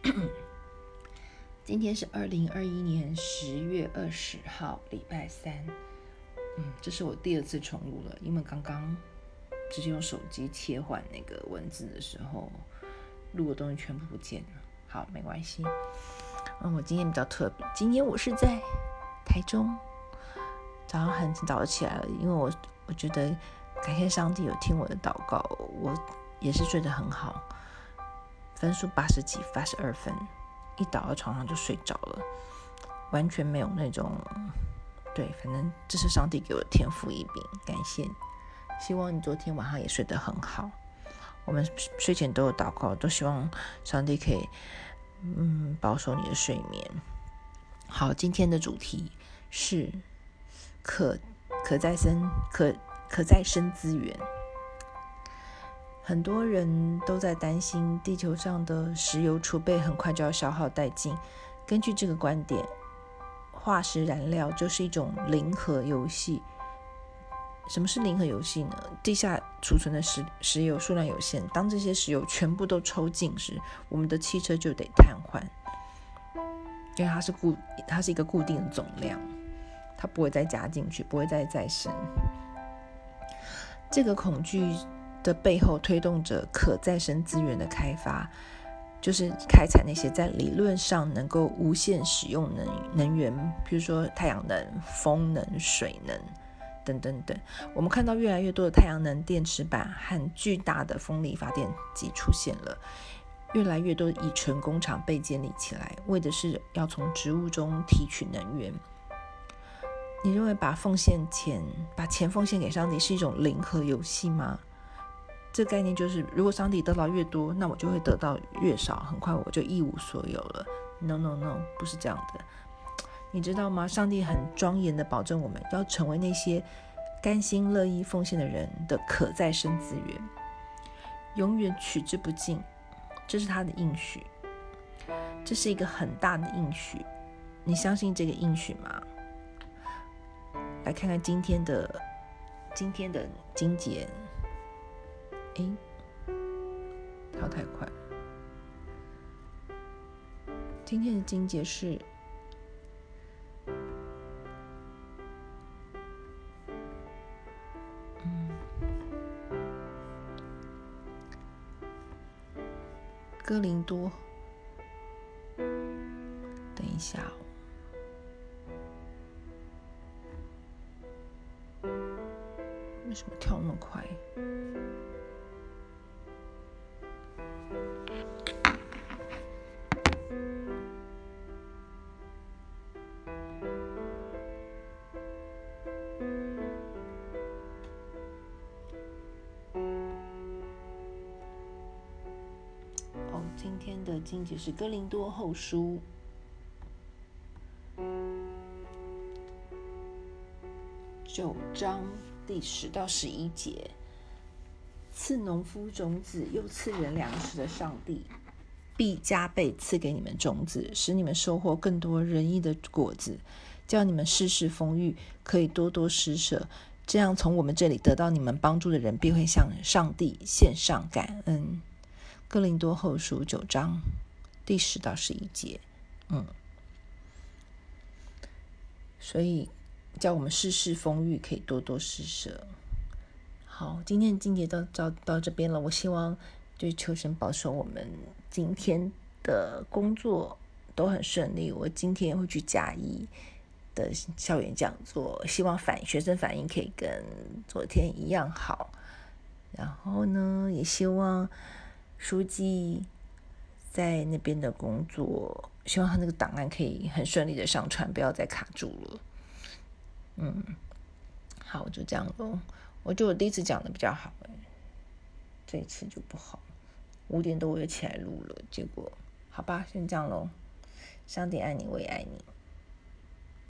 今天是二零二一年十月二十號，禮拜三。嗯，這是我第二次重錄了，因為剛剛直接用手機切換那個文字的時候，錄的東西全部不見了。好，沒關係。嗯，我今天比較特別，今天我是在台中，早上很早起來了，因為我我覺得感謝上帝有聽我的禱告，我也是睡得很好。分數八十幾，八十二分，一倒到床上就睡着了，完全沒有那種，對，反正這是上帝給我的天賦異稟，感謝。希望你昨天晚上也睡得很好。我們睡前都有禱告，都希望上帝可以，嗯，保守你的睡眠。好，今天的主題是可可再生、可可再生資源。很多人都在擔心地球上的石油儲備很快就要消耗殆盡。根據這個觀點，化石燃料就是一種零和遊戲。什麼是零和遊戲呢？地下儲存的石石油數量有限，當這些石油全部都抽盡時，我們的汽車就得癱瘓，因為它是固，它是一個固定的總量，它不會再加進去，不會再再生。這個恐懼。的背後推動着可再生資源的開發，就是開採那些在理論上能夠無限使用能能源，比如說太陽能、風能、水能等等等。我們看到越來越多的太陽能電池板和巨大的風力發電機出現了，越來越多乙醇工廠被建立起來，為的是要從植物中提取能源。你認為把奉獻錢，把錢奉獻給上帝是一種零和遊戲嗎？這概念就是，如果上帝得到越多，那我就會得到越少，很快我就一無所有了。No No No，不是這樣的，你知道嗎？上帝很莊嚴地保證，我們要成為那些甘心樂意奉獻的人的可再生資源，永遠取之不盡，這是他的應許，這是一個很大的應許。你相信這個應許嗎？來看看今天的今天的金節。誒、欸，跳太快了！今天的經節是，嗯，哥林多。等一下，哦，為什麼跳那麼快？今天的經節是《哥林多後書》九章第十到十一節：賜農夫種子，又賜人糧食的上帝，必加倍賜給你們種子，使你們收穫更多仁義的果子，叫你們事事豐裕，可以多多施捨。這樣，從我們這裡得到你們幫助的人，便會向上帝獻上感恩。《哥林多後書》九章第十到十一節，嗯，所以叫我們世事豐裕，可以多多施捨。好，今天的經節到到到這邊了。我希望對求神保守，我們今天的工作都很順利。我今天會去嘉義的校園講座，希望反學生反應可以跟昨天一樣好。然後呢，也希望。書記在那邊的工作，希望他那個檔案可以很順利的上傳，不要再卡住了。嗯，好，我就這樣咯，我覺得我第一次講的比較好，哎，這次就不好。五點多我也起來錄了，結果好吧，先這樣咯。上帝愛你，我也愛你。